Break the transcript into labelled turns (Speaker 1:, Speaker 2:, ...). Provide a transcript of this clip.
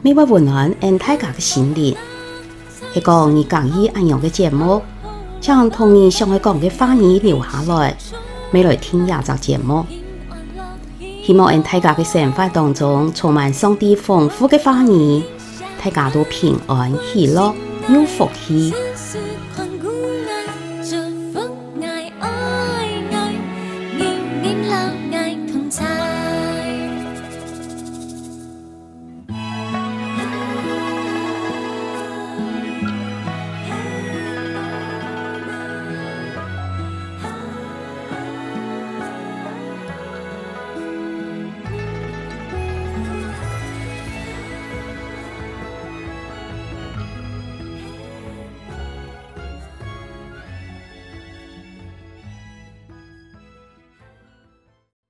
Speaker 1: 每晚溫暖俺大家的心靈，希望你講看安陽嘅節目，將童年上帝講嘅話語留下來，每來聽廿集節目，希望俺大家嘅生活當中充滿上帝豐富嘅話語，大家都平安、喜樂、有福氣。